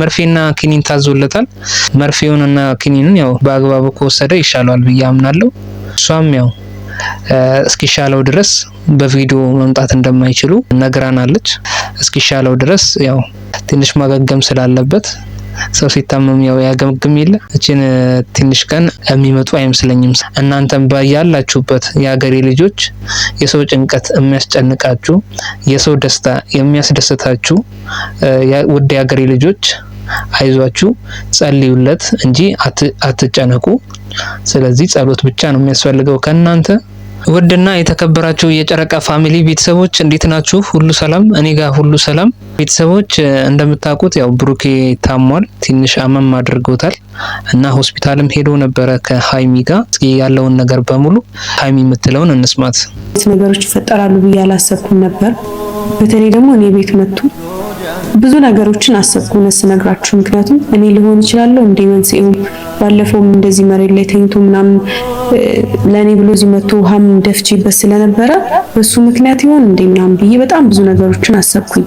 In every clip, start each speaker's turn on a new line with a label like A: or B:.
A: መርፌና ክኒን ታዞለታል። መርፌውንና ክኒንን ያው በአግባቡ ከወሰደ ይሻለዋል ብዬ አምናለሁ። እሷም ያው እስኪሻለው ድረስ በቪዲዮ መምጣት እንደማይችሉ ነግራናለች። እስኪሻለው ድረስ ያው ትንሽ ማገገም ስላለበት ሰው ሲታመም ያው ያገምግም የለ እችን ትንሽ ቀን የሚመጡ አይመስለኝም። እናንተም ያላችሁበት የሀገሬ ልጆች የሰው ጭንቀት የሚያስጨንቃችሁ፣ የሰው ደስታ የሚያስደስታችሁ ውድ የሀገሬ ልጆች አይዟችሁ፣ ጸልዩለት እንጂ አትጨነቁ። ስለዚህ ጸሎት ብቻ ነው የሚያስፈልገው ከእናንተ። ውድና የተከበራችሁ የጨረቃ ፋሚሊ ቤተሰቦች እንዴት ናችሁ? ሁሉ ሰላም? እኔ ጋር ሁሉ ሰላም ቤተሰቦች እንደምታውቁት ያው ብሩኬ ታሟል፣ ትንሽ አመም አድርጎታል እና ሆስፒታልም ሄዶ ነበረ ከሀይሚ ጋር። ያለውን ነገር በሙሉ ሀይሚ የምትለውን እንስማት።
B: ነገሮች ይፈጠራሉ ብዬ አላሰብኩም ነበር። በተለይ ደግሞ እኔ ቤት መጥቶ ብዙ ነገሮችን አሰብኩ እውነት ስነግራችሁ፣ ምክንያቱም እኔ ሊሆን ይችላለሁ እንደ መንስኤው ባለፈውም እንደዚህ መሬት ላይ ተኝቶ ምናምን ለእኔ ብሎ እዚህ መጥቶ ውሃም ደፍቼበት ስለነበረ በሱ ምክንያት ይሆን እንደ ምናምን ብዬ በጣም ብዙ ነገሮችን አሰብኩኝ።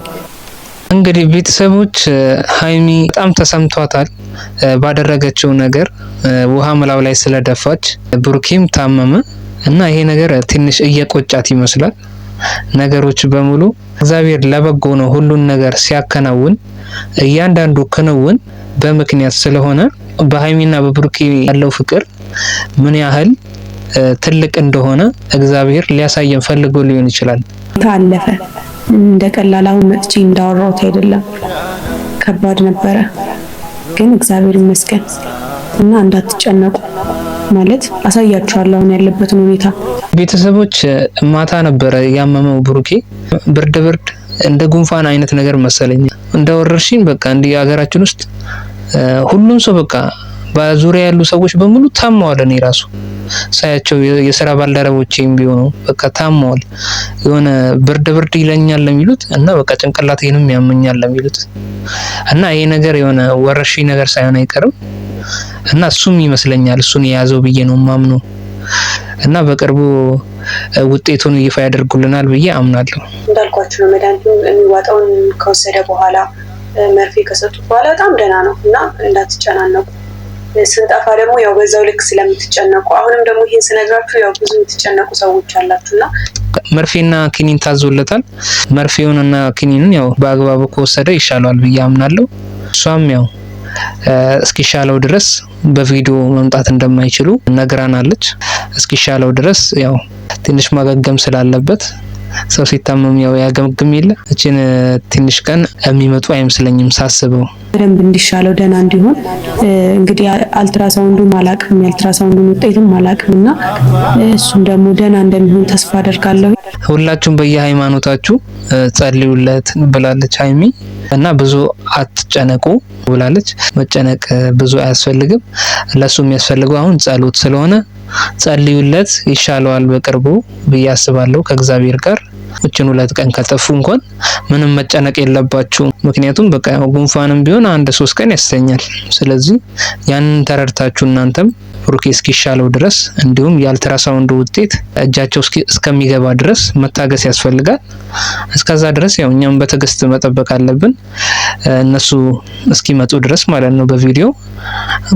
A: እንግዲህ ቤተሰቦች ሀይሚ በጣም ተሰምቷታል ባደረገችው ነገር ውሃ መላው ላይ ስለደፋች፣ ብሩኬም ታመመ እና ይሄ ነገር ትንሽ እየቆጫት ይመስላል። ነገሮች በሙሉ እግዚአብሔር ለበጎ ነው። ሁሉን ነገር ሲያከናውን እያንዳንዱ ክንውን በምክንያት ስለሆነ በሀይሚና በብሩኬ ያለው ፍቅር ምን ያህል ትልቅ እንደሆነ እግዚአብሔር ሊያሳየን ፈልጎ ሊሆን ይችላል።
B: ታለፈ እንደ ቀላል አሁን መጥቼ እንዳወራሁት አይደለም። ከባድ ነበረ፣ ግን እግዚአብሔር ይመስገን እና እንዳትጨነቁ ማለት አሳያችኋለሁ አሁን ያለበትን ሁኔታ።
A: ቤተሰቦች ማታ ነበረ ያመመው ብሩኬ፣ ብርድ ብርድ እንደ ጉንፋን አይነት ነገር መሰለኝ እንደ ወረርሽኝ በቃ እንዲህ ሀገራችን ውስጥ ሁሉም ሰው በቃ በዙሪያ ያሉ ሰዎች በሙሉ ታመዋል። እኔ ራሱ ሳያቸው የስራ ባልደረቦቼም ቢሆኑ በቃ ታመዋል። የሆነ ብርድ ብርድ ይለኛል ለሚሉት እና በቃ ጭንቅላቴንም ያመኛል ለሚሉት እና ይሄ ነገር የሆነ ወረርሽኝ ነገር ሳይሆን አይቀርም እና እሱም ይመስለኛል እሱን የያዘው ብዬ ነው ማምኑ እና በቅርቡ ውጤቱን ይፋ ያደርጉልናል ብዬ አምናለሁ።
B: እንዳልኳችሁ ነው መድኃኒቱ የሚዋጣውን ከወሰደ በኋላ መርፌ ከሰጡት በኋላ በጣም ደህና ነው እና እንዳትጨናነቁ ስንጠፋ ደግሞ ያው በዛው ልክ ስለምትጨነቁ አሁንም ደግሞ ይህን ስነግራችሁ ያው ብዙ የምትጨነቁ ሰዎች አላችሁ እና
A: መርፌና ኪኒን ታዞለታል። መርፌውንና ኪኒንን ያው በአግባቡ ከወሰደ ይሻለዋል ብዬ አምናለሁ። እሷም ያው እስኪሻለው ድረስ በቪዲዮ መምጣት እንደማይችሉ ነግራናለች። እስኪሻለው ድረስ ያው ትንሽ ማገገም ስላለበት ሰው ሲታመም ያው ያገምግም የለ እችን ትንሽ ቀን የሚመጡ አይመስለኝም ሳስበው
B: በደንብ እንዲሻለው ደህና እንዲሆን እንግዲህ አልትራሳውንዱን አላቅም የአልትራሳውንዱን ውጤትም አላቅም እና እሱም ደግሞ ደህና እንደሚሆን ተስፋ አደርጋለሁ።
A: ሁላችሁም በየሃይማኖታችሁ ጸልዩለት ብላለች ሀይሚ እና ብዙ አትጨነቁ ብላለች። መጨነቅ ብዙ አያስፈልግም። ለሱ የሚያስፈልገው አሁን ጸሎት ስለሆነ ጸልዩለት፣ ይሻለዋል በቅርቡ ብዬ አስባለሁ። ከእግዚአብሔር ጋር እችን ሁለት ቀን ከጠፉ እንኳን ምንም መጨነቅ የለባችሁ። ምክንያቱም በቃ ጉንፋንም ቢሆን አንድ ሶስት ቀን ያስተኛል። ስለዚህ ያንን ተረድታችሁ እናንተም ብሩኬ እስኪሻለው ድረስ እንዲሁም የአልትራሳውንድ ውጤት እጃቸው እስከሚገባ ድረስ መታገስ ያስፈልጋል። እስከዛ ድረስ ያው እኛም በትዕግስት መጠበቅ አለብን እነሱ እስኪመጡ ድረስ ማለት ነው። በቪዲዮ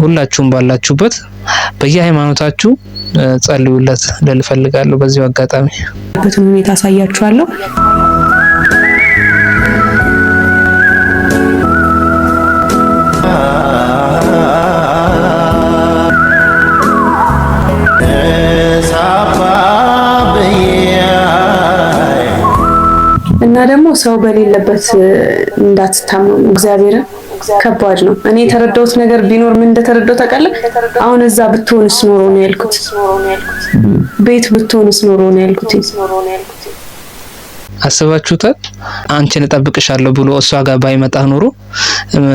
A: ሁላችሁም ባላችሁበት በየሃይማኖታችሁ ጸልዩለት ልል እፈልጋለሁ። በዚሁ አጋጣሚ
B: ሁኔታ አሳያችኋለሁ። ደግሞ ሰው በሌለበት እንዳትታመሙ እግዚአብሔር ከባድ ነው። እኔ የተረዳሁት ነገር ቢኖር ምን እንደተረዳሁ ታውቃለህ? አሁን እዛ ብትሆንስ ኖሮ ነው ያልኩት። ቤት ብትሆንስ ኖሮ ነው ያልኩት።
A: አስባችሁታል? አንቺን እጠብቅሻለሁ ብሎ እሷ ጋር ባይመጣ ኖሮ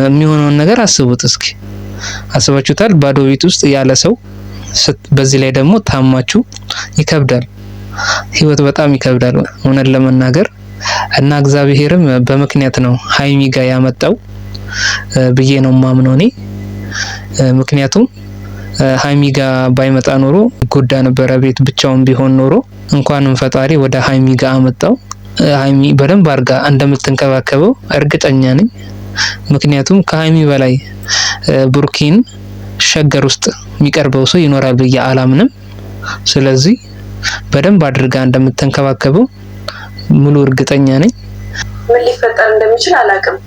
A: የሚሆነውን ነገር አስቡት እስኪ። አስባችሁታል? ባዶ ቤት ውስጥ ያለ ሰው፣ በዚህ ላይ ደግሞ ታማችሁ ይከብዳል። ህይወት በጣም ይከብዳል እውነት ለመናገር እና እግዚአብሔርም በምክንያት ነው ሀይሚ ጋር ያመጣው ብዬ ነው ማምነው እኔ። ምክንያቱም ሀይሚ ጋር ባይመጣ ኖሮ ጎዳ ነበረ። ቤት ብቻውን ቢሆን ኖሮ እንኳንም ፈጣሪ ወደ ሀይሚ ጋር አመጣው። ሀይሚ በደንብ አድርጋ እንደምትንከባከበው እርግጠኛ ነኝ። ምክንያቱም ከሀይሚ በላይ ቡርኪን ሸገር ውስጥ የሚቀርበው ሰው ይኖራል ብዬ አላምንም። ስለዚህ በደንብ አድርጋ እንደምትንከባከበው ሙሉ እርግጠኛ ነኝ። ምን ሊፈጠር እንደሚችል አላውቅም።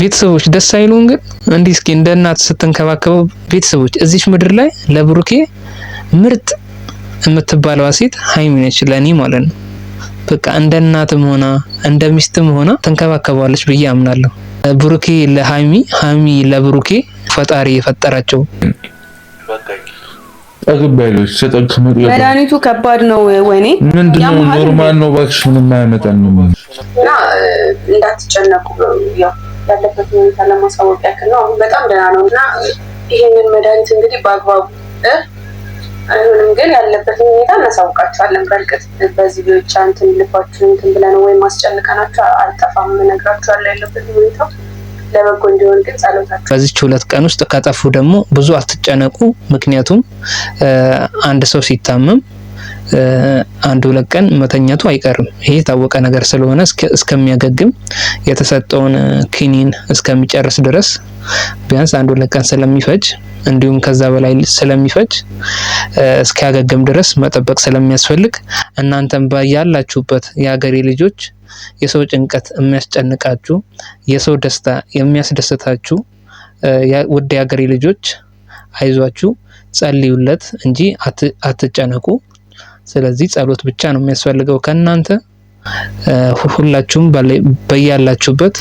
A: ቤተሰቦች ደስ አይሉን ግን እንዲህ እስኪ እንደ እናት ስትንከባከበው ቤተሰቦች እዚች ምድር ላይ ለብሩኬ ምርጥ የምትባለዋ ሴት ሀይሚ ነች ለእኔ ማለት ነው። በቃ እንደ እናትም ሆና እንደ ሚስትም ሆና ተንከባከባለች ብዬ አምናለሁ። ብሩኬ ለሀሚ ሀሚ ለብሩኬ ፈጣሪ የፈጠራቸው
B: መድኃኒቱ ከባድ ነው። ወይኔ ምንድነው? ኖርማል ነው እባክሽ፣ ምንም አያመጣም ነው እንዳትጨነቁ። ያለበት ሁኔታ ለማሳወቅ ያክል ነው። አሁን በጣም ደህና ነው እና ይህንን መድኃኒት እንግዲህ በአግባቡ
A: አይሆንም። ግን ያለበትን ሁኔታ እናሳውቃቸዋለን። በእርግጥ በዚህ ቢዎች እንትን ልባችሁ እንትን ብለን ወይም ማስጨንቀናቸው አልጠፋም፣ እነግራቸዋለሁ ያለበትን ሁኔታ ለበጎ እንዲሆን ግን ጸሎታችሁ በዚች ሁለት ቀን ውስጥ ከጠፉ ደግሞ ብዙ አትጨነቁ። ምክንያቱም አንድ ሰው ሲታመም አንድ ሁለት ቀን መተኛቱ አይቀርም። ይሄ የታወቀ ነገር ስለሆነ እስከሚያገግም የተሰጠውን ክኒን እስከሚጨርስ ድረስ ቢያንስ አንድ ሁለት ቀን ስለሚፈጅ እንዲሁም ከዛ በላይ ስለሚፈጅ እስኪያገግም ድረስ መጠበቅ ስለሚያስፈልግ እናንተም ያላችሁበት የሀገሬ ልጆች የሰው ጭንቀት የሚያስጨንቃችሁ፣ የሰው ደስታ የሚያስደስታችሁ ውድ የሀገሬ ልጆች አይዟችሁ፣ ጸልዩለት እንጂ አትጨነቁ። ስለዚህ ጸሎት ብቻ ነው የሚያስፈልገው ከእናንተ። ሁላችሁም በያላችሁበት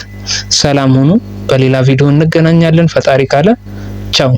A: ሰላም ሁኑ። በሌላ ቪዲዮ እንገናኛለን። ፈጣሪ ካለ ቻው።